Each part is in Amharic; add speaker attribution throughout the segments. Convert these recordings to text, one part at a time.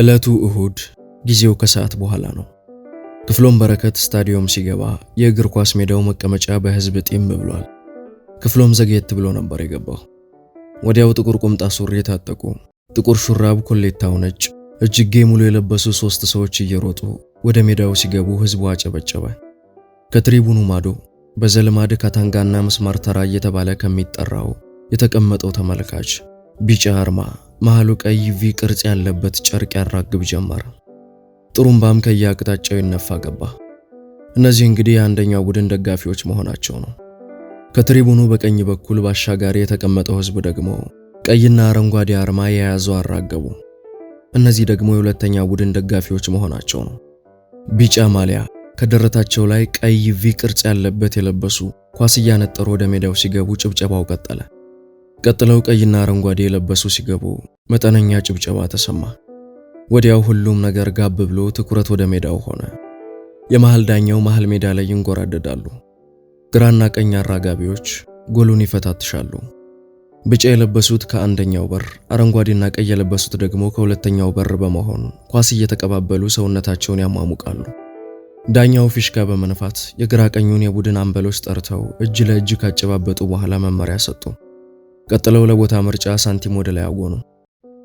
Speaker 1: ዕለቱ እሁድ ጊዜው ከሰዓት በኋላ ነው። ክፍሎም በረከት ስታዲየም ሲገባ የእግር ኳስ ሜዳው መቀመጫ በሕዝብ ጢም ብሏል። ክፍሎም ዘግየት ብሎ ነበር የገባው። ወዲያው ጥቁር ቁምጣ ሱሪ የታጠቁ ጥቁር ሹራብ ኮሌታው ነጭ እጅጌ ሙሉ የለበሱ ሶስት ሰዎች እየሮጡ ወደ ሜዳው ሲገቡ ሕዝቡ አጨበጨበ። ከትሪቡኑ ማዶ በዘልማድ ካታንጋና ምስማር ተራ እየተባለ ከሚጠራው የተቀመጠው ተመልካች ቢጫ አርማ መሃሉ ቀይ ቪ ቅርጽ ያለበት ጨርቅ ያራግብ ጀመር። ጥሩምባም ከየአቅጣጫው ይነፋ ገባ። እነዚህ እንግዲህ የአንደኛው ቡድን ደጋፊዎች መሆናቸው ነው። ከትሪቡኑ በቀኝ በኩል በአሻጋሪ የተቀመጠው ሕዝብ ደግሞ ቀይና አረንጓዴ አርማ የያዘው አራገቡ። እነዚህ ደግሞ የሁለተኛ ቡድን ደጋፊዎች መሆናቸው ነው። ቢጫ ማሊያ ከደረታቸው ላይ ቀይ ቪ ቅርጽ ያለበት የለበሱ ኳስ እያነጠሩ ወደ ሜዳው ሲገቡ ጭብጨባው ቀጠለ። ቀጥለው ቀይና አረንጓዴ የለበሱ ሲገቡ መጠነኛ ጭብጨባ ተሰማ። ወዲያው ሁሉም ነገር ጋብ ብሎ ትኩረት ወደ ሜዳው ሆነ። የመሃል ዳኛው መሃል ሜዳ ላይ ይንጎራደዳሉ። ግራና ቀኝ አራጋቢዎች ጎሉን ይፈታትሻሉ። ቢጫ የለበሱት ከአንደኛው በር፣ አረንጓዴና ቀይ የለበሱት ደግሞ ከሁለተኛው በር በመሆን ኳስ እየተቀባበሉ ሰውነታቸውን ያሟሙቃሉ። ዳኛው ፊሽካ በመንፋት የግራ ቀኙን የቡድን አምበሎች ጠርተው እጅ ለእጅ ካጨባበጡ በኋላ መመሪያ ሰጡ። ቀጥለው ለቦታ ምርጫ ሳንቲም ወደ ላይ አጎኑ።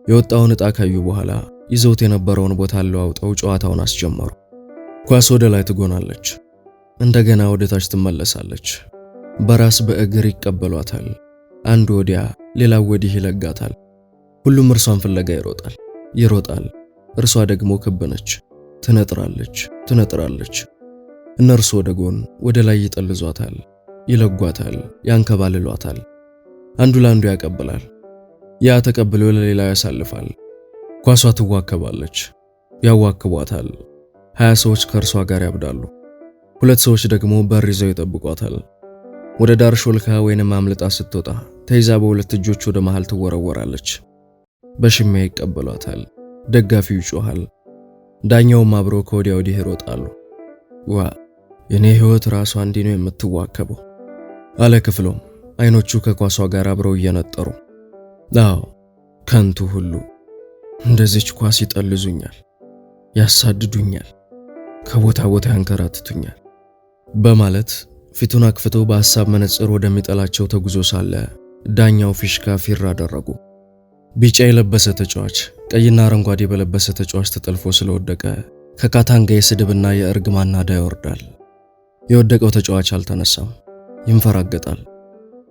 Speaker 1: የወጣውን ዕጣ ካዩ በኋላ ይዘውት የነበረውን ቦታ ለዋውጠው ጨዋታውን አስጀመሩ። ኳስ ወደ ላይ ትጎናለች፣ እንደገና ወደ ታች ትመለሳለች። በራስ በእግር ይቀበሏታል። አንዱ ወዲያ ሌላው ወዲህ ይለጋታል። ሁሉም እርሷን ፍለጋ ይሮጣል ይሮጣል። እርሷ ደግሞ ክብ ነች፣ ትነጥራለች ትነጥራለች። እነርሱ ወደ ጎን ወደ ላይ ይጠልዟታል፣ ይለጓታል፣ ያንከባልሏታል። አንዱ ለአንዱ ያቀብላል። ያ ተቀብሎ ለሌላው ያሳልፋል። ኳሷ ትዋከባለች፣ ያዋክቧታል። ሀያ ሰዎች ከእርሷ ጋር ያብዳሉ። ሁለት ሰዎች ደግሞ በር ይዘው ይጠብቋታል። ወደ ዳር ሾልካ ወይንም አምልጣ ስትወጣ ተይዛ በሁለት እጆች ወደ መሃል ትወረወራለች። በሽሚያ ይቀበሏታል። ደጋፊው ይጮኋል። ዳኛውም አብሮ ከወዲያ ወዲህ ይሮጣሉ። ዋ የኔ ሕይወት ራሷ እንዲህ ነው የምትዋከበው አለ ክፍሎም አይኖቹ ከኳሷ ጋር አብረው እየነጠሩ አዎ፣ ከንቱ ሁሉ እንደዚች ኳስ ይጠልዙኛል፣ ያሳድዱኛል፣ ከቦታ ቦታ ያንከራትቱኛል በማለት ፊቱን አክፍቶ በሐሳብ መነጽር ወደሚጠላቸው ተጉዞ ሳለ ዳኛው ፊሽካ ፊር አደረጉ። ቢጫ የለበሰ ተጫዋች ቀይና አረንጓዴ በለበሰ ተጫዋች ተጠልፎ ስለወደቀ ከካታንጋ የስድብና የእርግ ማናዳ ይወርዳል። የወደቀው ተጫዋች አልተነሳም፣ ይንፈራገጣል።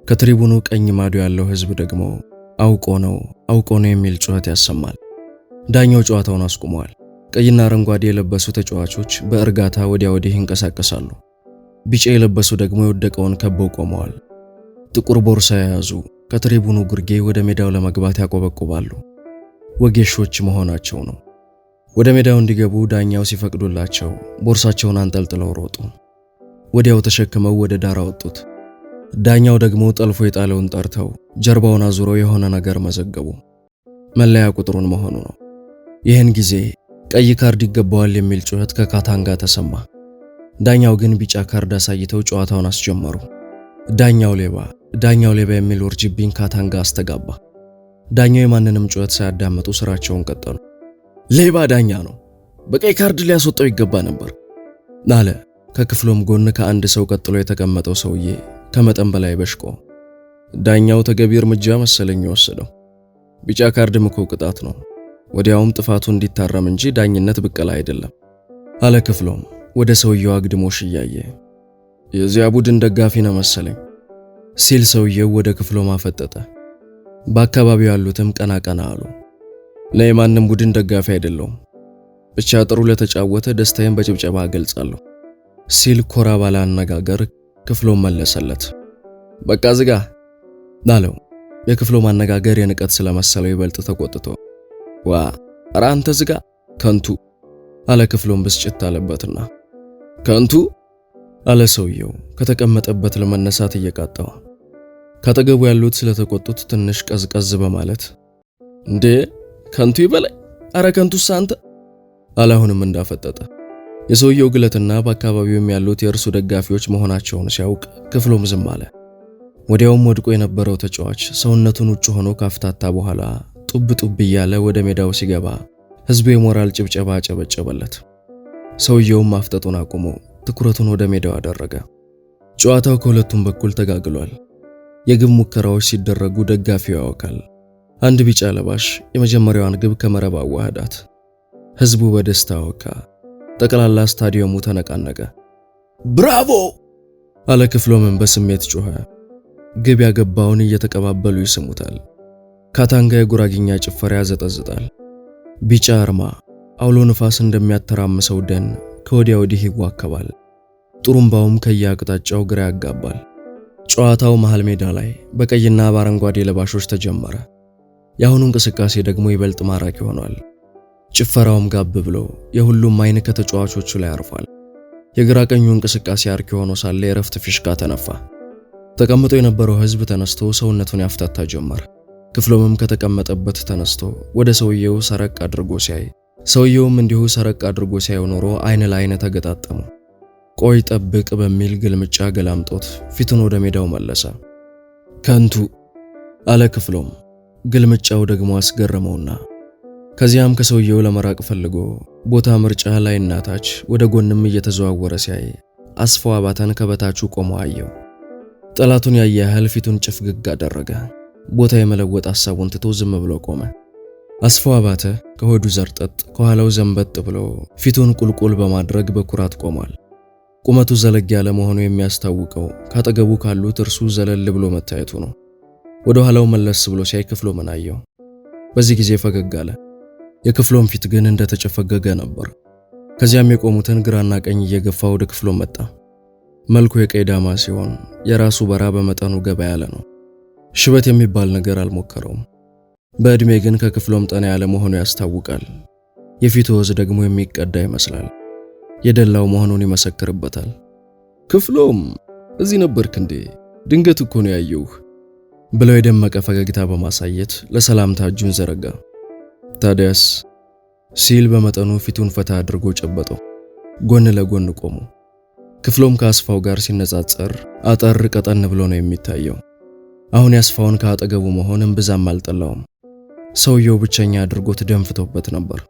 Speaker 1: ከትሪቡኑ ቀኝ ማዶ ያለው ሕዝብ ደግሞ አውቆ ነው አውቆ ነው የሚል ጩኸት ያሰማል። ዳኛው ጨዋታውን አስቁመዋል። ቀይና አረንጓዴ የለበሱ ተጫዋቾች በእርጋታ ወዲያ ወዲህ ይንቀሳቀሳሉ። ቢጫ የለበሱ ደግሞ የወደቀውን ከበው ቆመዋል። ጥቁር ቦርሳ የያዙ ከትሪቡኑ ግርጌ ወደ ሜዳው ለመግባት ያቆበቁባሉ። ወጌሾች መሆናቸው ነው። ወደ ሜዳው እንዲገቡ ዳኛው ሲፈቅዱላቸው ቦርሳቸውን አንጠልጥለው ሮጡ። ወዲያው ተሸክመው ወደ ዳር አወጡት። ዳኛው ደግሞ ጠልፎ የጣለውን ጠርተው ጀርባውን አዙረው የሆነ ነገር መዘገቡ። መለያ ቁጥሩን መሆኑ ነው። ይህን ጊዜ ቀይ ካርድ ይገባዋል የሚል ጩኸት ከካታንጋ ተሰማ። ዳኛው ግን ቢጫ ካርድ አሳይተው ጨዋታውን አስጀመሩ። ዳኛው ሌባ፣ ዳኛው ሌባ የሚል ውርጅብኝ ካታንጋ አስተጋባ። ዳኛው የማንንም ጩኸት ሳያዳመጡ ስራቸውን ቀጠሉ። ሌባ ዳኛ ነው፣ በቀይ ካርድ ሊያስወጣው ይገባ ነበር አለ። ከክፍሎም ጎን ከአንድ ሰው ቀጥሎ የተቀመጠው ሰውዬ ከመጠን በላይ በሽቆ ዳኛው ተገቢ እርምጃ መሰለኝ የወሰደው። ቢጫ ካርድም እኮ ቅጣት ነው። ወዲያውም ጥፋቱ እንዲታረም እንጂ ዳኝነት ብቀላ አይደለም አለ ክፍሎም ወደ ሰውየው አግድሞሽ እያየ። የዚያ ቡድን ደጋፊ ነው መሰለኝ ሲል ሰውየው ወደ ክፍሎም አፈጠጠ። በአካባቢው ያሉትም ቀና ቀና አሉ። እኔ የማንም ቡድን ደጋፊ አይደለውም፣ ብቻ ጥሩ ለተጫወተ ደስታዬን በጭብጨባ እገልጻለሁ ሲል ኮራ ባለ አነጋገር ክፍሎ መለሰለት። በቃ ዝጋ አለው። የክፍሎ ማነጋገር የንቀት ስለመሰለው ይበልጥ ተቆጥቶ ዋ ኧረ አንተ ዝጋ ከንቱ አለ። ክፍሎም ብስጭት አለበትና ከንቱ አለ ሰውየው ከተቀመጠበት ለመነሳት እየቃጣው። ከአጠገቡ ያሉት ስለተቆጡት ትንሽ ቀዝቀዝ በማለት እንዴ ከንቱ ይበላይ፣ አረ ከንቱስ አንተ አለ አሁንም እንዳፈጠጠ የሰውየው ግለትና በአካባቢውም ያሉት የእርሱ ደጋፊዎች መሆናቸውን ሲያውቅ ክፍሉም ዝም አለ። ወዲያውም ወድቆ የነበረው ተጫዋች ሰውነቱን ውጭ ሆኖ ካፍታታ በኋላ ጡብ ጡብ እያለ ወደ ሜዳው ሲገባ ሕዝቡ የሞራል ጭብጨባ አጨበጨበለት። ሰውየውም ማፍጠጡን አቁሞ ትኩረቱን ወደ ሜዳው አደረገ። ጨዋታው ከሁለቱም በኩል ተጋግሏል። የግብ ሙከራዎች ሲደረጉ ደጋፊው ያወካል። አንድ ቢጫ ለባሽ የመጀመሪያዋን ግብ ከመረብ አዋህዳት። ሕዝቡ በደስታ አወካ። ጠቅላላ ስታዲየሙ ተነቃነቀ። ብራቮ አለ ክፍሎምን በስሜት ጮኸ። ግብ ያገባውን እየተቀባበሉ ይስሙታል። ካታንጋ የጉራግኛ ጭፈራ ያዘጠዝጣል። ቢጫ አርማ አውሎ ንፋስ እንደሚያተራምሰው ደን ከወዲያ ወዲህ ይዋከባል። ጥሩምባውም ከየአቅጣጫው ግራ ያጋባል። ጨዋታው መሃል ሜዳ ላይ በቀይና በአረንጓዴ ለባሾች ተጀመረ። የአሁኑ እንቅስቃሴ ደግሞ ይበልጥ ማራኪ ሆኗል። ጭፈራውም ጋብ ብሎ የሁሉም አይን ከተጫዋቾቹ ላይ አርፏል። የግራ ቀኙ እንቅስቃሴ አርኪ ሆኖ ሳለ የእረፍት ፊሽካ ተነፋ። ተቀምጦ የነበረው ህዝብ ተነስቶ ሰውነቱን ያፍታታ ጀመር። ክፍሎምም ከተቀመጠበት ተነስቶ ወደ ሰውየው ሰረቅ አድርጎ ሲያይ፣ ሰውየውም እንዲሁ ሰረቅ አድርጎ ሲያየው ኖሮ አይን ለአይን ተገጣጠሙ። ቆይ ጠብቅ በሚል ግልምጫ ገላምጦት ፊቱን ወደ ሜዳው መለሰ። ከንቱ አለ ክፍሎም። ግልምጫው ደግሞ አስገረመውና ከዚያም ከሰውየው ለመራቅ ፈልጎ ቦታ ምርጫ ላይና ታች ወደ ጎንም እየተዘዋወረ ሲያይ አስፋው አባታን ከበታቹ ቆሞ አየው። ጠላቱን ያየ ያህል ፊቱን ጭፍግግ አደረገ። ቦታ የመለወጥ ሐሳቡን ትቶ ዝም ብሎ ቆመ። አስፋው አባተ ከሆዱ ዘርጠጥ ከኋላው ዘንበጥ ብሎ ፊቱን ቁልቁል በማድረግ በኩራት ቆሟል። ቁመቱ ዘለግ ያለ መሆኑ የሚያስታውቀው ካጠገቡ ካሉት እርሱ ዘለል ብሎ መታየቱ ነው። ወደ ኋላው መለስ ብሎ ሲያይ ክፍሎ ምን አየው። በዚህ ጊዜ ፈገግ አለ። የክፍሎም ፊት ግን እንደተጨፈገገ ነበር። ከዚያም የቆሙትን ግራና ቀኝ እየገፋ ወደ ክፍሎ መጣ። መልኩ የቀይ ዳማ ሲሆን የራሱ በራ በመጠኑ ገባ ያለ ነው። ሽበት የሚባል ነገር አልሞከረውም። በዕድሜ ግን ከክፍሎም ጠና ያለ መሆኑ ያስታውቃል። የፊቱ ወዝ ደግሞ የሚቀዳ ይመስላል። የደላው መሆኑን ይመሰክርበታል። ክፍሎም እዚህ ነበርክ እንዴ? ድንገት እኮ ነው ያየሁህ ብለው የደመቀ ፈገግታ በማሳየት ለሰላምታ እጁን ዘረጋ። ታዲያስ ሲል በመጠኑ ፊቱን ፈታ አድርጎ ጨበጠው። ጎን ለጎን ቆሙ። ክፍሎም ከአስፋው ጋር ሲነጻጸር አጠር ቀጠን ብሎ ነው የሚታየው። አሁን ያስፋውን ከአጠገቡ መሆን ብዛም አልጠላውም። ሰውየው ብቸኛ አድርጎት ደንፍቶበት ነበር።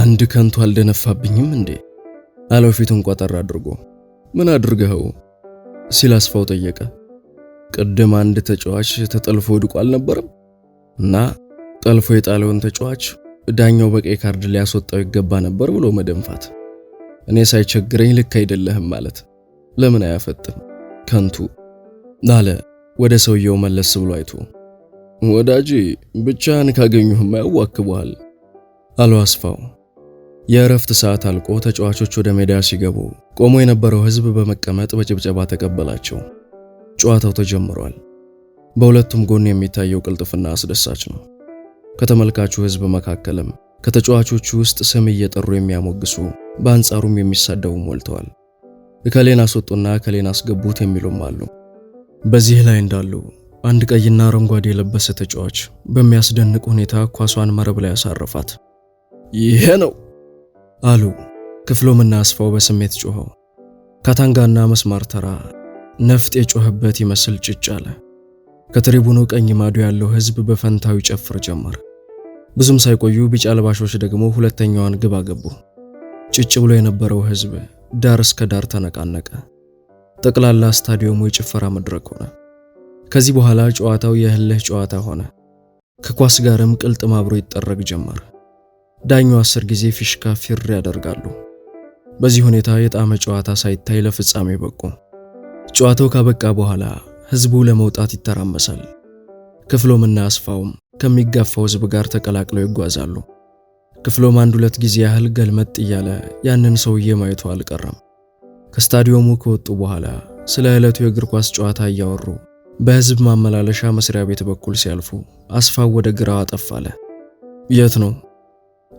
Speaker 1: አንድ ከንቱ አልደነፋብኝም እንዴ አለው ፊቱን ቆጠር አድርጎ። ምን አድርገኸው ሲል አስፋው ጠየቀ። ቅድም አንድ ተጫዋች ተጠልፎ ወድቆ አልነበረም እና ጠልፎ የጣለውን ተጫዋች ዳኛው በቀይ ካርድ ሊያስወጣው ይገባ ነበር ብሎ መደንፋት፣ እኔ ሳይቸግረኝ ልክ አይደለህም ማለት ለምን አያፈጥም ከንቱ አለ ወደ ሰውየው መለስ ብሎ አይቶ። ወዳጅ ብቻህን ካገኙህም ያዋክበሃል አሉ አስፋው። የእረፍት ሰዓት አልቆ ተጫዋቾች ወደ ሜዳ ሲገቡ ቆሞ የነበረው ሕዝብ በመቀመጥ በጭብጨባ ተቀበላቸው። ጨዋታው ተጀምሯል። በሁለቱም ጎን የሚታየው ቅልጥፍና አስደሳች ነው። ከተመልካቹ ህዝብ መካከልም ከተጫዋቾቹ ውስጥ ስም እየጠሩ የሚያሞግሱ በአንጻሩም የሚሳደቡ ሞልተዋል። እከሌን አስወጡና እከሌን አስገቡት የሚሉም አሉ። በዚህ ላይ እንዳሉ አንድ ቀይና አረንጓዴ የለበሰ ተጫዋች በሚያስደንቅ ሁኔታ ኳሷን መረብ ላይ ያሳረፋት። ይሄ ነው አሉ ክፍሉምና አስፋው በስሜት ጮኸው። ካታንጋና መስማር ተራ ነፍጥ የጮኸበት ይመስል ጭጭ አለ። ከትሪቡኑ ቀኝ ማዶ ያለው ህዝብ በፈንታው ይጨፍር ጀመር። ብዙም ሳይቆዩ ቢጫ አልባሾች ደግሞ ሁለተኛዋን ግብ አገቡ። ጭጭ ብሎ የነበረው ህዝብ ዳር እስከ ዳር ተነቃነቀ። ጠቅላላ ስታዲየሙ የጭፈራ መድረክ ሆነ። ከዚህ በኋላ ጨዋታው የህልህ ጨዋታ ሆነ። ከኳስ ጋርም ቅልጥም አብሮ ይጠረግ ጀመር። ዳኛው አስር ጊዜ ፊሽካ ፊር ያደርጋሉ። በዚህ ሁኔታ የጣዕመ ጨዋታ ሳይታይ ለፍጻሜ በቁ። ጨዋታው ካበቃ በኋላ ህዝቡ ለመውጣት ይተራመሳል። ክፍሎምና አስፋውም ከሚጋፋው ህዝብ ጋር ተቀላቅለው ይጓዛሉ። ክፍሎም አንድ ሁለት ጊዜ ያህል ገልመጥ እያለ ያንን ሰውዬ ማየቱ አልቀረም። ከስታዲየሙ ከወጡ በኋላ ስለ ዕለቱ የእግር ኳስ ጨዋታ እያወሩ በህዝብ ማመላለሻ መስሪያ ቤት በኩል ሲያልፉ አስፋው ወደ ግራ አጠፍ አለ። የት ነው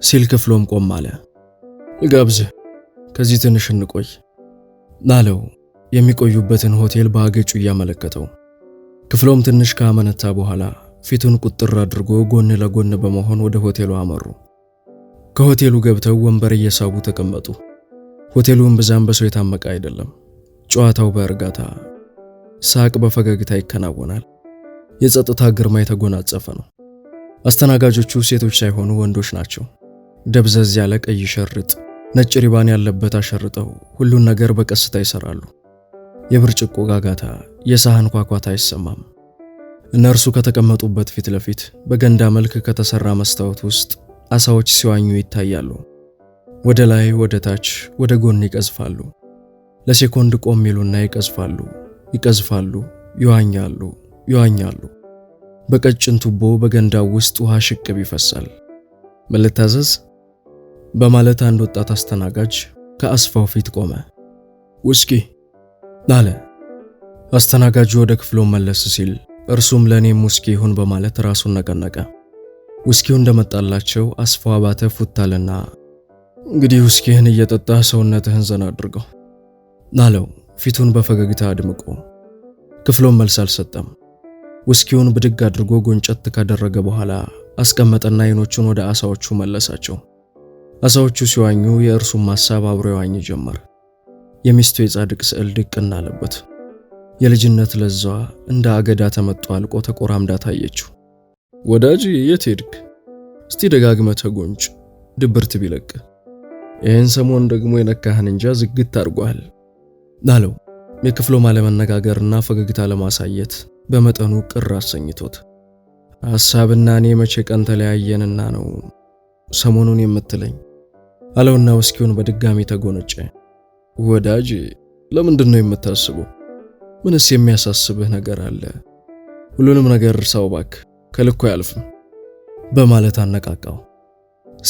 Speaker 1: ሲል ክፍሎም ቆም አለ። ልጋብዝህ፣ ከዚህ ትንሽ እንቆይ አለው። የሚቆዩበትን ሆቴል በአገጩ እያመለከተው ክፍሎም ትንሽ ካመነታ በኋላ ፊቱን ቁጥር አድርጎ ጎን ለጎን በመሆን ወደ ሆቴሉ አመሩ። ከሆቴሉ ገብተው ወንበር እየሳቡ ተቀመጡ። ሆቴሉን ብዛም በሰው የታመቀ አይደለም። ጨዋታው በእርጋታ ሳቅ፣ በፈገግታ ይከናወናል። የጸጥታ ግርማ የተጎናጸፈ ነው። አስተናጋጆቹ ሴቶች ሳይሆኑ ወንዶች ናቸው። ደብዘዝ ያለ ቀይ ሸርጥ፣ ነጭ ሪባን ያለበት አሸርጠው ሁሉን ነገር በቀስታ ይሰራሉ። የብርጭቆ ጋጋታ፣ የሳህን ኳኳታ አይሰማም። እነርሱ ከተቀመጡበት ፊት ለፊት በገንዳ መልክ ከተሰራ መስታወት ውስጥ አሳዎች ሲዋኙ ይታያሉ። ወደ ላይ፣ ወደ ታች፣ ወደ ጎን ይቀዝፋሉ። ለሴኮንድ ቆም ይሉና ይቀዝፋሉ፣ ይቀዝፋሉ፣ ይዋኛሉ፣ ይዋኛሉ። በቀጭን ቱቦ በገንዳው ውስጥ ውሃ ሽቅብ ይፈሳል። ምን ልታዘዝ? በማለት አንድ ወጣት አስተናጋጅ ከአስፋው ፊት ቆመ። ውስኪ አለ። አስተናጋጁ ወደ ክፍሎ መለስ ሲል እርሱም ለእኔም ውስኪ ይሁን በማለት ራሱን ነቀነቀ። ውስኪው እንደመጣላቸው አስፋ አባተ ፉታልና እንግዲህ ውስኪህን እየጠጣ ሰውነትህን ዘና አድርገው አለው፣ ፊቱን በፈገግታ አድምቆ። ክፍሎም መልስ አልሰጠም። ውስኪውን ብድግ አድርጎ ጎንጨት ካደረገ በኋላ አስቀመጠና አይኖቹን ወደ አሳዎቹ መለሳቸው። አሳዎቹ ሲዋኙ የእርሱም ሐሳብ አብሮ ይዋኝ ጀመር። የሚስቱ የጻድቅ ስዕል ድቅን አለበት። የልጅነት ለዛዋ እንደ አገዳ ተመጦ አልቆ ተቆራምዳ ታየችው። ወዳጅ የት ሄድክ? እስቲ ደጋግመ ተጎንጭ፣ ድብርት ቢለቅ። ይህን ሰሞን ደግሞ የነካህን እንጃ ዝግት አድርጓል አለው። የክፍሎም አለመነጋገርና ፈገግታ ለማሳየት በመጠኑ ቅር አሰኝቶት ሐሳብና እኔ መቼ ቀን ተለያየንና ነው ሰሞኑን የምትለኝ አለውና ውስኪውን በድጋሚ ተጎነጨ። ወዳጅ ለምንድን ነው የምታስበው? ምንስ የሚያሳስብህ ነገር አለ? ሁሉንም ነገር እርሳው እባክህ፣ ከልኩ አያልፍም በማለት አነቃቃው።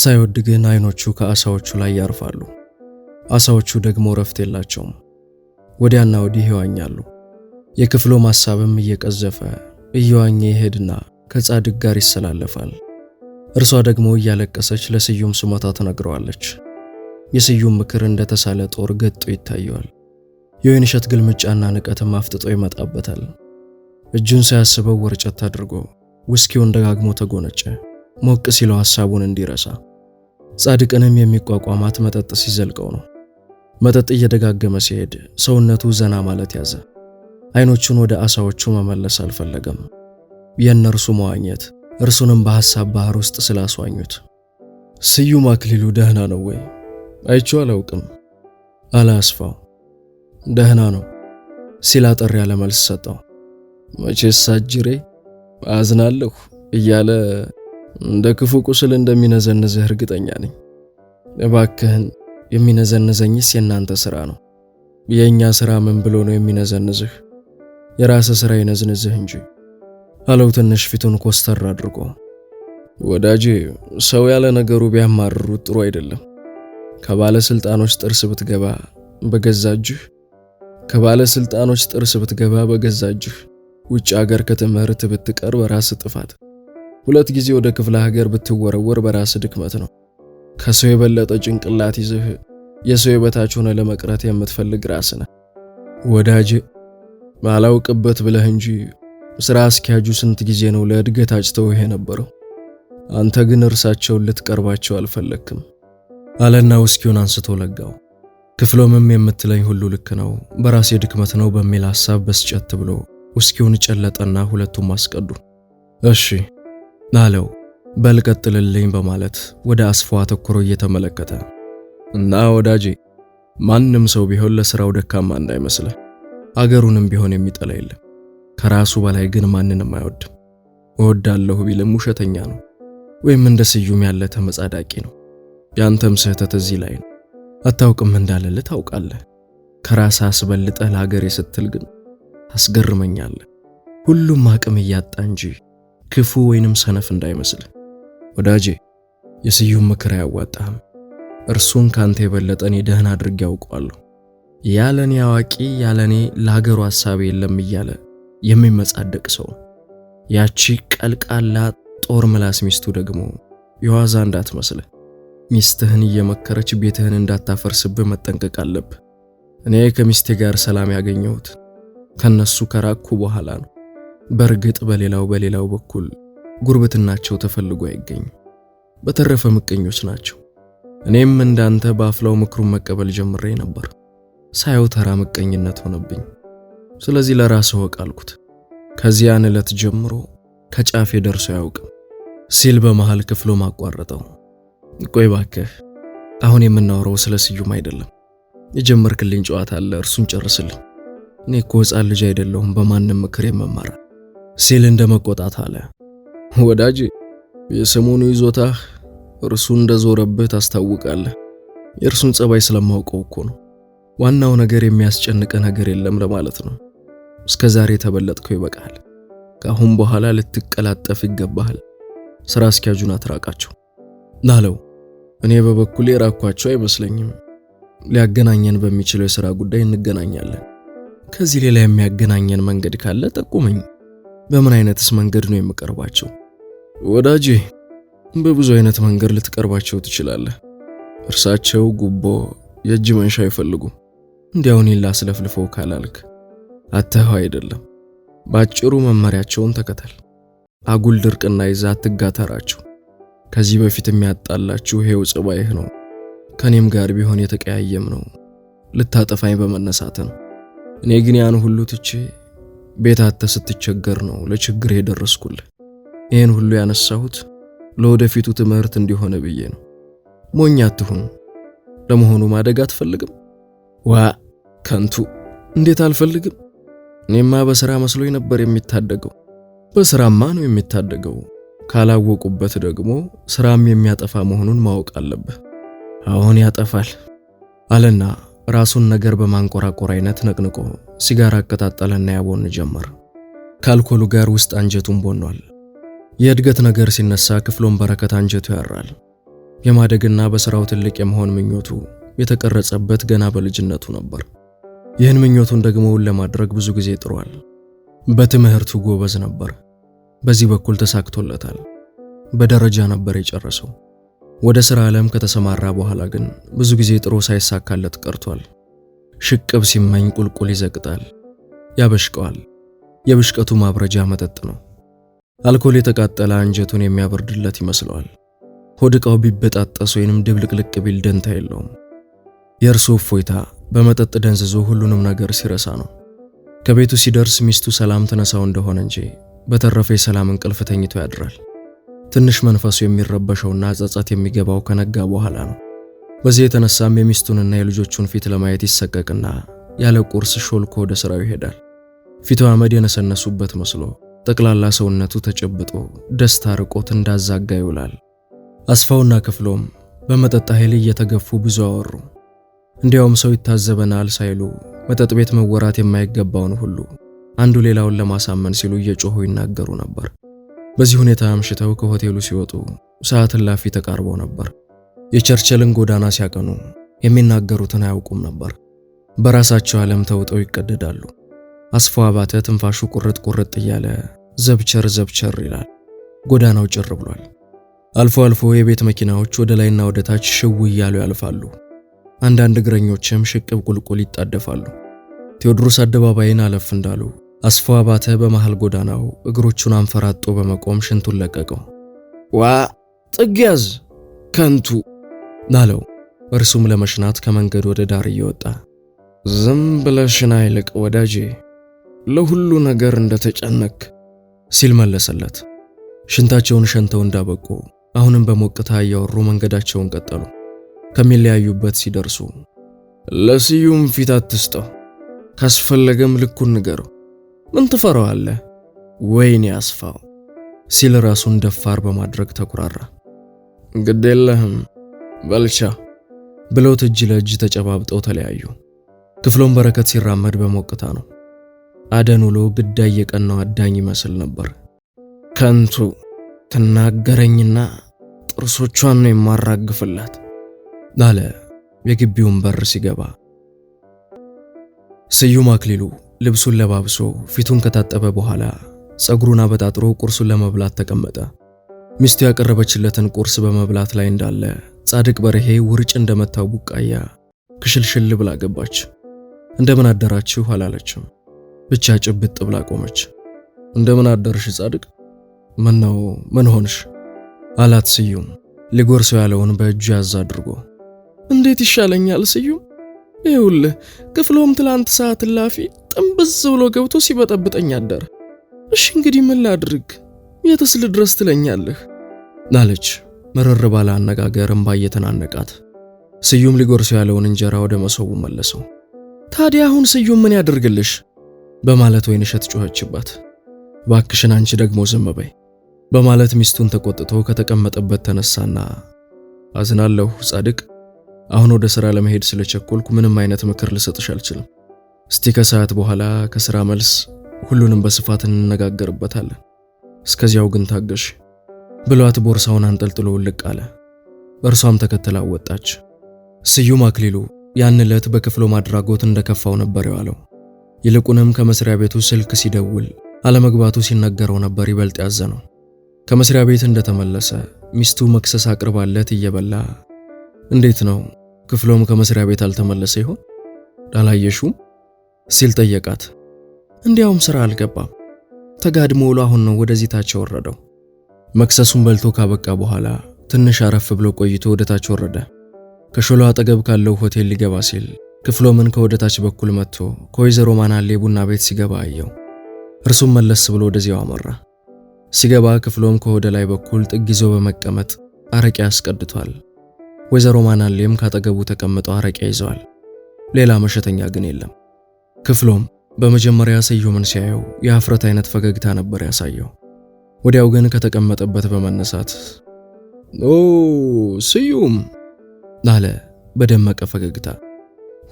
Speaker 1: ሳይወድ ግን አይኖቹ ከአሳዎቹ ላይ ያርፋሉ። አሳዎቹ ደግሞ እረፍት የላቸውም፣ ወዲያና ወዲህ ይዋኛሉ። የክፍሎ ማሳብም እየቀዘፈ እየዋኘ ይሄድና ከጻድቅ ጋር ይሰላለፋል። እርሷ ደግሞ እያለቀሰች ለስዩም ስሞታ ትነግረዋለች። የስዩም ምክር እንደተሳለ ጦር ገጦ ይታየዋል። የወይንሸት ግልምጫና ንቀትም አፍጥጦ ይመጣበታል። እጁን ሳያስበው ወርጨት አድርጎ ውስኪውን ደጋግሞ ተጎነጨ፣ ሞቅ ሲለው ሐሳቡን እንዲረሳ። ጻድቅንም የሚቋቋማት መጠጥ ሲዘልቀው ነው። መጠጥ እየደጋገመ ሲሄድ ሰውነቱ ዘና ማለት ያዘ። አይኖቹን ወደ አሳዎቹ መመለስ አልፈለገም። የእነርሱ መዋኘት እርሱንም በሐሳብ ባህር ውስጥ ስላስዋኙት። ስዩም አክሊሉ ደህና ነው ወይ? አይቼው አላውቅም አለ አስፋው። ደህና ነው ሲል አጠር ያለ መልስ ሰጠው። መቼስ ሳጅሬ አዝናለሁ እያለ እንደ ክፉ ቁስል እንደሚነዘንዝህ እርግጠኛ ነኝ። እባክህን፣ የሚነዘንዘኝስ የእናንተ ስራ ነው። የእኛ ስራ ምን ብሎ ነው የሚነዘንዝህ? የራስህ ስራ ይነዝንዝህ እንጂ አለው ትንሽ ፊቱን ኮስተር አድርጎ። ወዳጄ፣ ሰው ያለ ነገሩ ቢያማርሩት ጥሩ አይደለም ከባለስልጣኖች ጥርስ ብትገባ በገዛ እጅህ ከባለስልጣኖች ጥርስ ብትገባ በገዛ እጅህ ውጭ ሀገር ከትምህርት ብትቀር በራስ ጥፋት ሁለት ጊዜ ወደ ክፍለ ሀገር ብትወረወር በራስ ድክመት ነው። ከሰው የበለጠ ጭንቅላት ይዘህ የሰው የበታች ሆነ ለመቅረት የምትፈልግ ራስ ነህ። ወዳጅ ማላውቅበት ብለህ እንጂ ስራ አስኪያጁ ስንት ጊዜ ነው ለእድገት አጭተው ይሄ ነበረው። አንተ ግን እርሳቸውን ልትቀርባቸው አልፈለግክም። አለና ውስኪውን አንስቶ ለጋው። ክፍሎምም የምትለኝ ሁሉ ልክ ነው፣ በራሴ ድክመት ነው በሚል ሐሳብ በስጨት ብሎ ውስኪውን ጨለጠና ሁለቱም አስቀዱ። እሺ አለው በልቀጥልልኝ በማለት ወደ አስፋ አተኩሮ እየተመለከተ እና ወዳጄ ማንም ሰው ቢሆን ለሥራው ደካማ እንዳይመስልህ። አገሩንም ቢሆን የሚጠላ የለም። ከራሱ በላይ ግን ማንንም አይወድም። እወዳለሁ ቢልም ውሸተኛ ነው፣ ወይም እንደ ስዩም ያለ ተመጻዳቂ ነው። ያንተም ስህተት እዚህ ላይ ነው። አታውቅም እንዳለልህ ታውቃለህ። ከራስህ አስበልጠህ ለሀገር ስትል ግን ታስገርመኛለህ። ሁሉም አቅም እያጣ እንጂ ክፉ ወይንም ሰነፍ እንዳይመስልህ ወዳጄ። የስዩም ምክር አያዋጣህም። እርሱን ካንተ የበለጠ እኔ ደህና አድርጌ ያውቀዋለሁ። ያለኔ አዋቂ ያለኔ ለሀገሩ ሐሳብ የለም እያለ የሚመጻደቅ ሰው ያቺ ቀልቃላ ጦር ምላስ ሚስቱ ደግሞ የዋዛ እንዳትመስልህ። ሚስትህን እየመከረች ቤትህን እንዳታፈርስብህ መጠንቀቅ አለብህ። እኔ ከሚስቴ ጋር ሰላም ያገኘሁት ከነሱ ከራኩ በኋላ ነው። በእርግጥ በሌላው በሌላው በኩል ጉርብትናቸው ተፈልጎ አይገኝም። በተረፈ ምቀኞች ናቸው። እኔም እንዳንተ በአፍላው ምክሩን መቀበል ጀምሬ ነበር፣ ሳየው ተራ ምቀኝነት ሆነብኝ። ስለዚህ ለራስ ወቅ አልኩት። ከዚያን ዕለት ጀምሮ ከጫፌ ደርሶ አያውቅም ሲል በመሃል ክፍሎ ማቋረጠው። ቆይ እባክህ አሁን የምናወራው ስለ ስዩም አይደለም። የጀመርክልኝ ጨዋታ አለ፣ እርሱን ጨርስልኝ። እኔ እኮ ሕፃን ልጅ አይደለሁም በማንም ምክር የመማራ ሲል እንደ መቆጣት አለ። ወዳጅ የሰሞኑ ይዞታህ እርሱ እንደዞረብህ ታስታውቃለህ። የእርሱን ጸባይ ስለማውቀው እኮ ነው። ዋናው ነገር የሚያስጨንቀ ነገር የለም ለማለት ነው። እስከ ዛሬ ተበለጥከው ይበቃል። ከአሁን በኋላ ልትቀላጠፍ ይገባሃል። ስራ አስኪያጁን አትራቃቸው ናለው። እኔ በበኩሌ ራኳቸው አይመስለኝም። ሊያገናኘን በሚችለው የሥራ ጉዳይ እንገናኛለን። ከዚህ ሌላ የሚያገናኘን መንገድ ካለ ጠቁመኝ። በምን አይነትስ መንገድ ነው የምቀርባቸው? ወዳጄ በብዙ አይነት መንገድ ልትቀርባቸው ትችላለህ። እርሳቸው ጉቦ፣ የእጅ መንሻ አይፈልጉም። እንዲያውን ይላ ስለፍልፈው ካላልክ አተኸው አይደለም። በአጭሩ መመሪያቸውን ተከተል። አጉል ድርቅና ይዛ አትጋተራቸው። ከዚህ በፊት የሚያጣላችሁ ይሄው ጸባይህ ነው። ከኔም ጋር ቢሆን የተቀያየም ነው ልታጠፋኝ በመነሳት ነው። እኔ ግን ያን ሁሉ ትቼ ቤታተ ስትቸገር ነው ለችግር የደረስኩልህ። ይህን ሁሉ ያነሳሁት ለወደፊቱ ትምህርት እንዲሆነ ብዬ ነው። ሞኝ አትሁን። ለመሆኑ ማደግ አትፈልግም? ዋ ከንቱ! እንዴት አልፈልግም? እኔማ በሥራ መስሎኝ ነበር የሚታደገው። በሥራማ ነው የሚታደገው። ካላወቁበት ደግሞ ስራም የሚያጠፋ መሆኑን ማወቅ አለብህ። አሁን ያጠፋል አለና ራሱን ነገር በማንቆራቆር አይነት ነቅንቆ ሲጋራ አቀጣጠለና ያቦን ጀመር። ከአልኮሉ ጋር ውስጥ አንጀቱን ቦኗል። የእድገት ነገር ሲነሳ ክፍሎን በረከት አንጀቱ ያራል። የማደግና በሥራው ትልቅ የመሆን ምኞቱ የተቀረጸበት ገና በልጅነቱ ነበር። ይህን ምኞቱን ደግሞ እውን ለማድረግ ብዙ ጊዜ ጥሯል። በትምህርቱ ጎበዝ ነበር። በዚህ በኩል ተሳክቶለታል። በደረጃ ነበር የጨረሰው። ወደ ሥራ ዓለም ከተሰማራ በኋላ ግን ብዙ ጊዜ ጥሩ ሳይሳካለት ቀርቷል። ሽቅብ ሲመኝ ቁልቁል ይዘቅጣል። ያበሽቀዋል። የብሽቀቱ ማብረጃ መጠጥ ነው። አልኮል የተቃጠለ አንጀቱን የሚያበርድለት ይመስለዋል። ሆድ ዕቃው ቢበጣጠስ ወይንም ድብልቅልቅ ቢል ደንታ የለውም። የእርሱ እፎይታ በመጠጥ ደንዝዞ ሁሉንም ነገር ሲረሳ ነው። ከቤቱ ሲደርስ ሚስቱ ሰላም ትነሳው እንደሆነ እንጂ በተረፈ የሰላም እንቅልፍ ተኝቶ ያድራል። ትንሽ መንፈሱ የሚረበሸውና ጸጸት የሚገባው ከነጋ በኋላ ነው። በዚህ የተነሳም የሚስቱንና የልጆቹን ፊት ለማየት ይሰቀቅና ያለ ቁርስ ሾልኮ ወደ ሥራው ይሄዳል። ፊቱ አመድ የነሰነሱበት መስሎ ጠቅላላ ሰውነቱ ተጨብጦ ደስታ ርቆት እንዳዛጋ ይውላል። አስፋውና ክፍሎም በመጠጥ ኃይል እየተገፉ ብዙ አወሩ። እንዲያውም ሰው ይታዘበናል ሳይሉ መጠጥ ቤት መወራት የማይገባውን ሁሉ አንዱ ሌላውን ለማሳመን ሲሉ እየጮሁ ይናገሩ ነበር። በዚህ ሁኔታ አምሽተው ከሆቴሉ ሲወጡ ሰዓት እላፊ ተቃርቦ ነበር። የቸርችልን ጎዳና ሲያቀኑ የሚናገሩትን አያውቁም ነበር። በራሳቸው ዓለም ተውጠው ይቀደዳሉ። አስፎ አባተ ትንፋሹ ቁርጥ ቁርጥ እያለ ዘብቸር ዘብቸር ይላል። ጎዳናው ጭር ብሏል። አልፎ አልፎ የቤት መኪናዎች ወደ ላይና ወደ ታች ሽው እያሉ ያልፋሉ። አንዳንድ እግረኞችም ሽቅብ ቁልቁል ይጣደፋሉ። ቴዎድሮስ አደባባይን አለፍ እንዳሉ አስፋ አባተ በመሃል ጎዳናው እግሮቹን አንፈራጦ በመቆም ሽንቱን ለቀቀው። ዋ ጥግ ያዝ ከንቱ አለው። እርሱም ለመሽናት ከመንገድ ወደ ዳር እየወጣ ዝም ብለህ ሽና ይልቅ ወዳጄ፣ ለሁሉ ነገር እንደተጨነክ ሲል መለሰለት። ሽንታቸውን ሸንተው እንዳበቁ አሁንም በሞቅታ እያወሩ መንገዳቸውን ቀጠሉ። ከሚለያዩበት ሲደርሱ ለስዩም ፊት አትስጠው፣ ካስፈለገም ልኩን ንገረው ምን ትፈራዋለህ? ወይኔ አስፋው ሲል ራሱን ደፋር በማድረግ ተኩራራ። ግድ የለህም በልቻ ብለውት እጅ ለእጅ ተጨባብጠው ተለያዩ። ክፍሎን በረከት ሲራመድ በሞቅታ ነው። አደን ውሎ ግዳይ የቀናው አዳኝ ይመስል ነበር። ከንቱ ትናገረኝና ጥርሶቿን ነው የማራግፍላት አለ የግቢውን በር ሲገባ ስዩም አክሊሉ ልብሱን ለባብሶ ፊቱን ከታጠበ በኋላ ፀጉሩን አበጣጥሮ ቁርሱን ለመብላት ተቀመጠ። ሚስቱ ያቀረበችለትን ቁርስ በመብላት ላይ እንዳለ ጻድቅ በርሄ ውርጭ እንደመታው ቡቃያ ክሽልሽል ብላ ገባች። እንደምን አደራችሁ አላለችም፣ ብቻ ጭብጥ ብላ ቆመች። እንደምን አደርሽ ጻድቅ፣ ነው ምን ሆንሽ አላት ስዩም ሊጎርሰው ያለውን በእጁ ያዝ አድርጎ። እንዴት ይሻለኛል ስዩም ይኸውልህ ክፍሎም ትላንት ሰዓት ላፊ ጥንብዝ ብሎ ገብቶ ሲበጠብጠኝ አደረ። እሺ እንግዲህ ምን ላድርግ? የትስ ልድረስ ትለኛለህ? አለች መረር ባለ አነጋገር እምባ እየተናነቃት። ስዩም ሊጎርሰው ያለውን እንጀራ ወደ መሶቡ መለሰው። ታዲያ አሁን ስዩም ምን ያደርግልሽ? በማለት እሸት ጮኸችባት። ባክሽን አንቺ ደግሞ ዝም በይ በማለት ሚስቱን ተቆጥቶ ከተቀመጠበት ተነሳና አዝናለሁ ጻድቅ አሁን ወደ ስራ ለመሄድ ስለቸኮልኩ ምንም አይነት ምክር ልሰጥሽ አልችልም። እስቲ ከሰዓት በኋላ ከስራ መልስ ሁሉንም በስፋት እንነጋገርበታለን። እስከዚያው ግን ታገሽ ብሏት ቦርሳውን አንጠልጥሎ ውልቅ አለ። እርሷም ተከትላ ወጣች። ስዩም አክሊሉ ያን ዕለት በክፍሎ ማድራጎት እንደከፋው ነበር የዋለው። ይልቁንም ከመስሪያ ቤቱ ስልክ ሲደውል አለመግባቱ ሲነገረው ነበር ይበልጥ ነው። ከመስሪያ ቤት እንደተመለሰ ሚስቱ መክሰስ አቅርባለት እየበላ እንዴት ነው ክፍሎም ከመስሪያ ቤት አልተመለሰ ይሆን አላየሹም ሲል ጠየቃት። እንዲያውም ስራ አልገባም ተጋድሞ ውሎ አሁን ነው ወደዚህ ታች ወረደው። መክሰሱን በልቶ ካበቃ በኋላ ትንሽ አረፍ ብሎ ቆይቶ ወደታች ወረደ። ከሾሎ አጠገብ ካለው ሆቴል ሊገባ ሲል ክፍሎምን ከወደታች በኩል መጥቶ ከወይዘሮ ማናሌ ቡና ቤት ሲገባ አየው። እርሱም መለስ ብሎ ወደዚያው አመራ። ሲገባ ክፍሎም ከወደ ላይ በኩል ጥግ ይዞ በመቀመጥ አረቄ አስቀድቷል። ወይዘሮ ማናሌም ካጠገቡ ተቀምጠው አረቂያ ይዘዋል። ሌላ መሸተኛ ግን የለም። ክፍሎም በመጀመሪያ ስዩምን ሲያየው የአፍረት አይነት ፈገግታ ነበር ያሳየው። ወዲያው ግን ከተቀመጠበት በመነሳት ኦ ስዩም አለ በደመቀ ፈገግታ።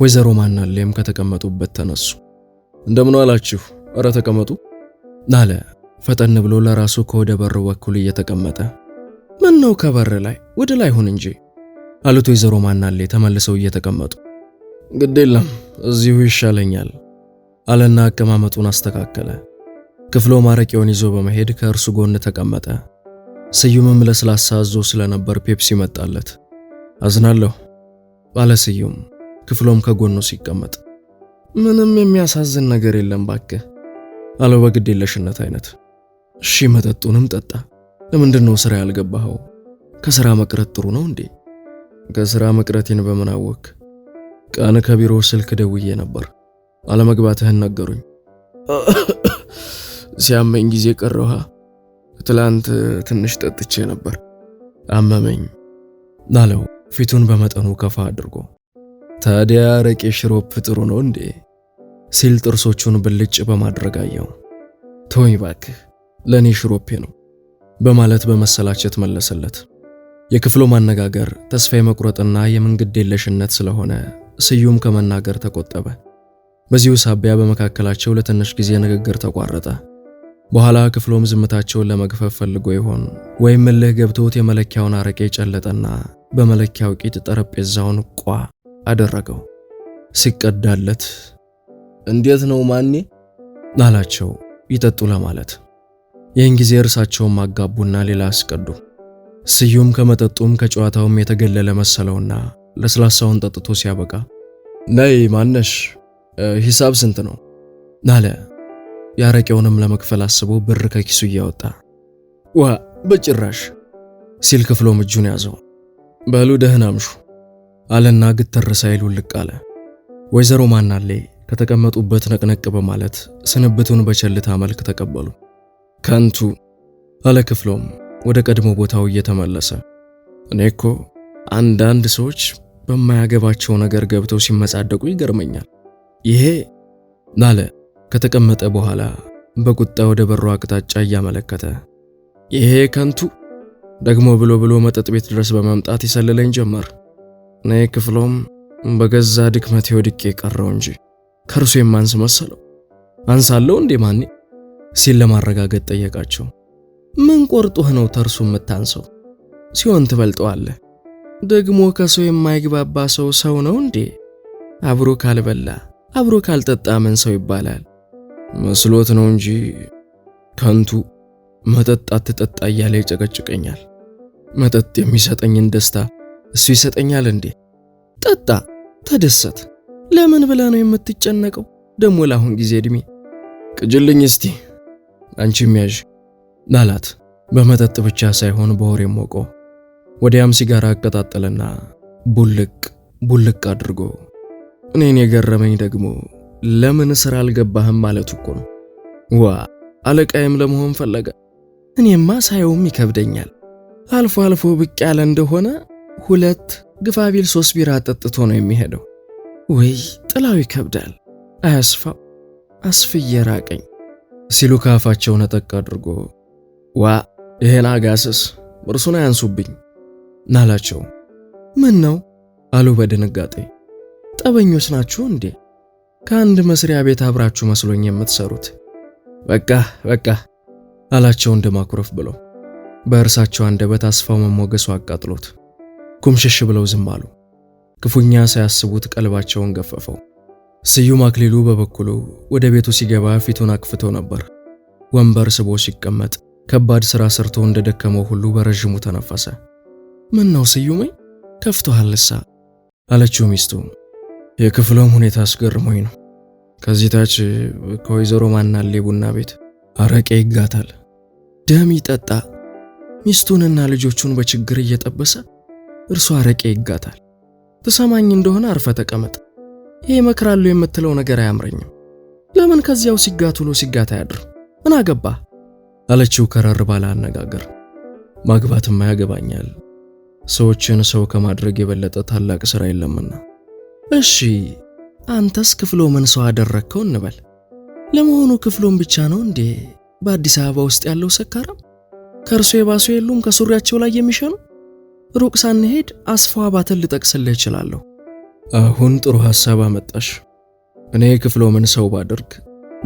Speaker 1: ወይዘሮ ማናሌም ከተቀመጡበት ተነሱ። እንደምን አላችሁ? እረ ተቀመጡ አለ ፈጠን ብሎ ለራሱ ከወደ በር በኩል እየተቀመጠ ምን ነው ከበር ላይ ወደ ላይ ሁን እንጂ አሉት ወይዘሮ ማናሌ ተመልሰው እየተቀመጡ። ግድ የለም እዚሁ ይሻለኛል አለና አቀማመጡን አስተካከለ። ክፍሎ ማረቂያውን ይዞ በመሄድ ከእርሱ ጎን ተቀመጠ። ስዩምም ለስላሳ አዞ ስለነበር ፔፕሲ መጣለት። አዝናለሁ ባለ ስዩም፣ ክፍሎም ከጎኑ ሲቀመጥ ምንም የሚያሳዝን ነገር የለም ባክህ አለው የለሽነት አይነት። እሺ መጠጡንም ጠጣ። ለምንድን ነው ስራ ያልገባኸው? ከስራ መቅረት ጥሩ ነው እንዴ? ከስራ መቅረቴን በምን አወክ? ቀን ከቢሮ ስልክ ደውዬ ነበር። አለመግባትህን ነገሩኝ። ሲያመኝ ጊዜ ቀረውሃ። ትላንት ትንሽ ጠጥቼ ነበር አመመኝ አለው ፊቱን በመጠኑ ከፋ አድርጎ። ታዲያ አረቄ ሽሮፕ ጥሩ ነው እንዴ? ሲል ጥርሶቹን ብልጭ በማድረግ አየው። ተወኝ ባክህ ለእኔ ሽሮፔ ነው በማለት በመሰላቸት መለሰለት። የክፍሉ ማነጋገር ተስፋ የመቁረጥና የመንገድ የለሽነት ስለሆነ ስዩም ከመናገር ተቆጠበ። በዚሁ ሳቢያ በመካከላቸው ለትንሽ ጊዜ ንግግር ተቋረጠ። በኋላ ክፍሎም ዝምታቸውን ለመግፈፍ ፈልጎ ይሆን ወይም እልህ ገብቶት የመለኪያውን አረቄ ጨለጠና በመለኪያው ቂጥ ጠረጴዛውን ቋ አደረገው። ሲቀዳለት እንዴት ነው ማኔ አላቸው፣ ይጠጡ ለማለት። ይህን ጊዜ እርሳቸውን ማጋቡና ሌላ አስቀዱ። ስዩም ከመጠጡም ከጨዋታውም የተገለለ መሰለውና ለስላሳውን ጠጥቶ ሲያበቃ ነይ ማነሽ ሂሳብ ስንት ነው አለ። ያረቄውንም ለመክፈል አስቦ ብር ከኪሱ እያወጣ ዋ በጭራሽ ሲል ክፍሎም እጁን ያዘው። በሉ ደህና አምሹ አለና ግትር ሳይል ውልቅ አለ። ወይዘሮ ማናሌ ከተቀመጡበት ነቅነቅ በማለት ስንብቱን በቸልታ መልክ ተቀበሉ። ከንቱ አለ ክፍሎም ወደ ቀድሞ ቦታው እየተመለሰ እኔ እኮ አንዳንድ ሰዎች በማያገባቸው ነገር ገብተው ሲመጻደቁ ይገርመኛል። ይሄ ናለ ከተቀመጠ በኋላ በቁጣ ወደ በሩ አቅጣጫ እያመለከተ ይሄ ከንቱ ደግሞ ብሎ ብሎ መጠጥ ቤት ድረስ በመምጣት ይሰልለኝ ጀመር። እኔ ክፍሎም በገዛ ድክመቴ ወድቄ ቀረው እንጂ ከእርሱ የማንስ መሰለው። አንሳለው እንዴ ማኔ ሲል ለማረጋገጥ ጠየቃቸው። ምን ቆርጦህ ነው ተርሱ የምታንሰው? ሲሆን ትበልጠዋለህ። ደግሞ ከሰው የማይግባባ ሰው ሰው ነው እንዴ? አብሮ ካልበላ አብሮ ካልጠጣ ምን ሰው ይባላል? መስሎት ነው እንጂ ከንቱ መጠጣት ትጠጣ እያለ ይጨቀጭቀኛል። መጠጥ የሚሰጠኝን ደስታ እሱ ይሰጠኛል እንዴ? ጠጣ፣ ተደሰት። ለምን ብላ ነው የምትጨነቀው? ደግሞ ለአሁን ጊዜ እድሜ ቅጅልኝ እስቲ አንቺ የሚያዥ ላላት በመጠጥ ብቻ ሳይሆን በወሬ ሞቆ ወዲያም ሲጋራ አቀጣጠለና ቡልቅ ቡልቅ አድርጎ እኔን የገረመኝ ደግሞ ለምን ስራ አልገባህም ማለት እኮ ነው። ዋ አለቃይም ለመሆን ፈለገ። እኔማ ሳየውም ይከብደኛል። አልፎ አልፎ ብቅ ያለ እንደሆነ ሁለት ግፋቢል ሶስት ቢራ ጠጥቶ ነው የሚሄደው። ወይ ጥላው ይከብዳል። አያስፋው አስፍዬ ራቀኝ ሲሉ ካፋቸው ነጠቅ አድርጎ ዋ ይሄን አጋስስ እርሱን አያንሱብኝ ናላቸው። ምን ነው አሉ በድንጋጤ። ጠበኞች ናችሁ እንዴ? ከአንድ መስሪያ ቤት አብራችሁ መስሎኝ የምትሰሩት። በቃ በቃ አላቸው እንደ ማኩረፍ ብለው። በእርሳቸው አንደበት አስፋው መሞገሱ አቃጥሎት ኩምሽሽ ብለው ዝም አሉ። ክፉኛ ሳያስቡት ቀልባቸውን ገፈፈው። ስዩም አክሊሉ በበኩሉ ወደ ቤቱ ሲገባ ፊቱን አክፍቶ ነበር። ወንበር ስቦ ሲቀመጥ ከባድ ሥራ ሰርቶ እንደ ደከመው ሁሉ በረዥሙ ተነፈሰ። ምን ነው ከፍቶሃል ልሳ አለችው ሚስቱ። የክፍሎም ሁኔታ አስገርሞኝ ነው። ከዚህ ታች ከወይዘሮ ማናሌ ቡና ቤት አረቄ ይጋታል፣ ደም ይጠጣ። ሚስቱንና ልጆቹን በችግር እየጠበሰ እርሱ አረቄ ይጋታል። ትሰማኝ እንደሆነ አርፈ ተቀመጥ። ይሄ ይመክራሉ የምትለው ነገር አያምረኝም። ለምን ከዚያው ሲጋት ውሎ ሲጋት አያድርም? ምን አገባህ? አለችው ከረር ባለ አነጋገር። ማግባትማ ያገባኛል፣ ሰዎችን ሰው ከማድረግ የበለጠ ታላቅ ሥራ የለምና። እሺ አንተስ ክፍሎ ምን ሰው አደረግከው እንበል። ለመሆኑ ክፍሎን ብቻ ነው እንዴ በአዲስ አበባ ውስጥ ያለው ሰካራም? ከእርሶ የባሱ የሉም ከሱሪያቸው ላይ የሚሸኑ? ሩቅ ሳንሄድ አስፋ ባተን ልጠቅስልህ እችላለሁ። አሁን ጥሩ ሐሳብ አመጣሽ። እኔ ክፍሎ ምን ሰው ባደርግ፣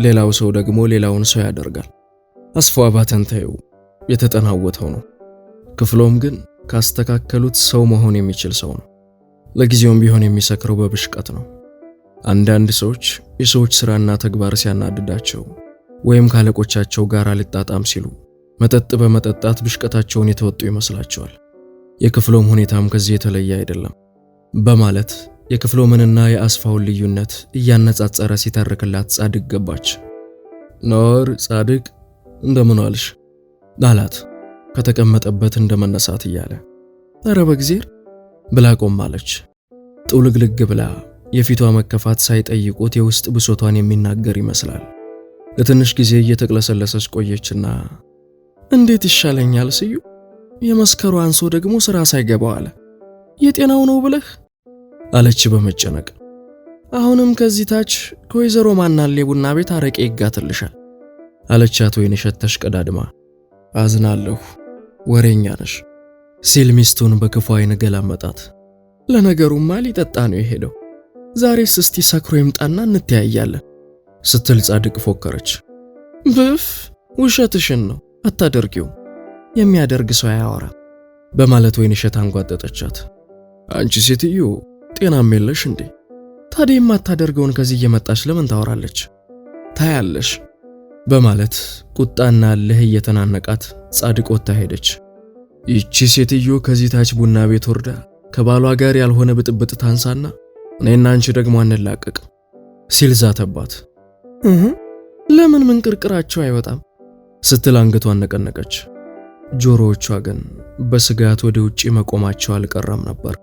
Speaker 1: ሌላው ሰው ደግሞ ሌላውን ሰው ያደርጋል። አስፋ ባተንታዩ የተጠናወተው ነው። ክፍሎም ግን ካስተካከሉት ሰው መሆን የሚችል ሰው ነው። ለጊዜውም ቢሆን የሚሰክረው በብሽቀት ነው። አንዳንድ ሰዎች የሰዎች ሥራና ተግባር ሲያናድዳቸው ወይም ካለቆቻቸው ጋር አልጣጣም ሲሉ መጠጥ በመጠጣት ብሽቀታቸውን የተወጡ ይመስላቸዋል። የክፍሎም ሁኔታም ከዚህ የተለየ አይደለም በማለት የክፍሎምንና የአስፋውን ልዩነት እያነጻጸረ ሲተርክላት ጻድቅ ገባች። ኖር ጻድቅ እንደምን ዋልሽ አላት ከተቀመጠበት እንደመነሳት እያለ። እረ በእግዚአብሔር ብላ ቆማለች። አለች። ጥውልግልግ ብላ የፊቷ መከፋት ሳይጠይቁት የውስጥ ብሶቷን የሚናገር ይመስላል። ለትንሽ ጊዜ እየተቅለሰለሰች ቆየችና እንዴት ይሻለኛል ስዩ፣ የመስከሩ አንሶ ደግሞ ሥራ ሳይገባው አለ የጤናው ነው ብለህ አለች በመጨነቅ አሁንም ከዚህ ታች ከወይዘሮ ማናሌ ቡና ቤት አረቄ ይጋትልሻል አለቻት ወይን ሸተሽ ቀዳድማ። አዝናለሁ ወሬኛ ነሽ ሲል ሚስቱን በክፉ አይን ገላመጣት። ለነገሩማ ሊጠጣ ነው የሄደው። ዛሬስ እስቲ ሰክሮ ይምጣና እንተያያለን ስትል ጻድቅ ፎከረች። ብፍ ውሸትሽን ነው አታደርጊውም፣ የሚያደርግ ሰው አያወራም በማለት ወይንሸት አንጓጠጠቻት። አንቺ ሴትዮ ጤናም የለሽ እንዴ? ታዲያ የማታደርገውን ከዚህ እየመጣች ለምን ታወራለች? ታያለሽ በማለት ቁጣና ልህ እየተናነቃት ጻድቅ ወጥታ ሄደች። ይቺ ሴትዮ ከዚህ ታች ቡና ቤት ወርዳ ከባሏ ጋር ያልሆነ ብጥብጥ ታንሳና እኔና አንቺ ደግሞ አንላቀቅ ሲል ዛተባት። ለምን ምንቅርቅራቸው አይወጣም ስትል አንገቷን ነቀነቀች። ጆሮዎቿ ግን በስጋት ወደ ውጪ መቆማቸው አልቀረም ነበር።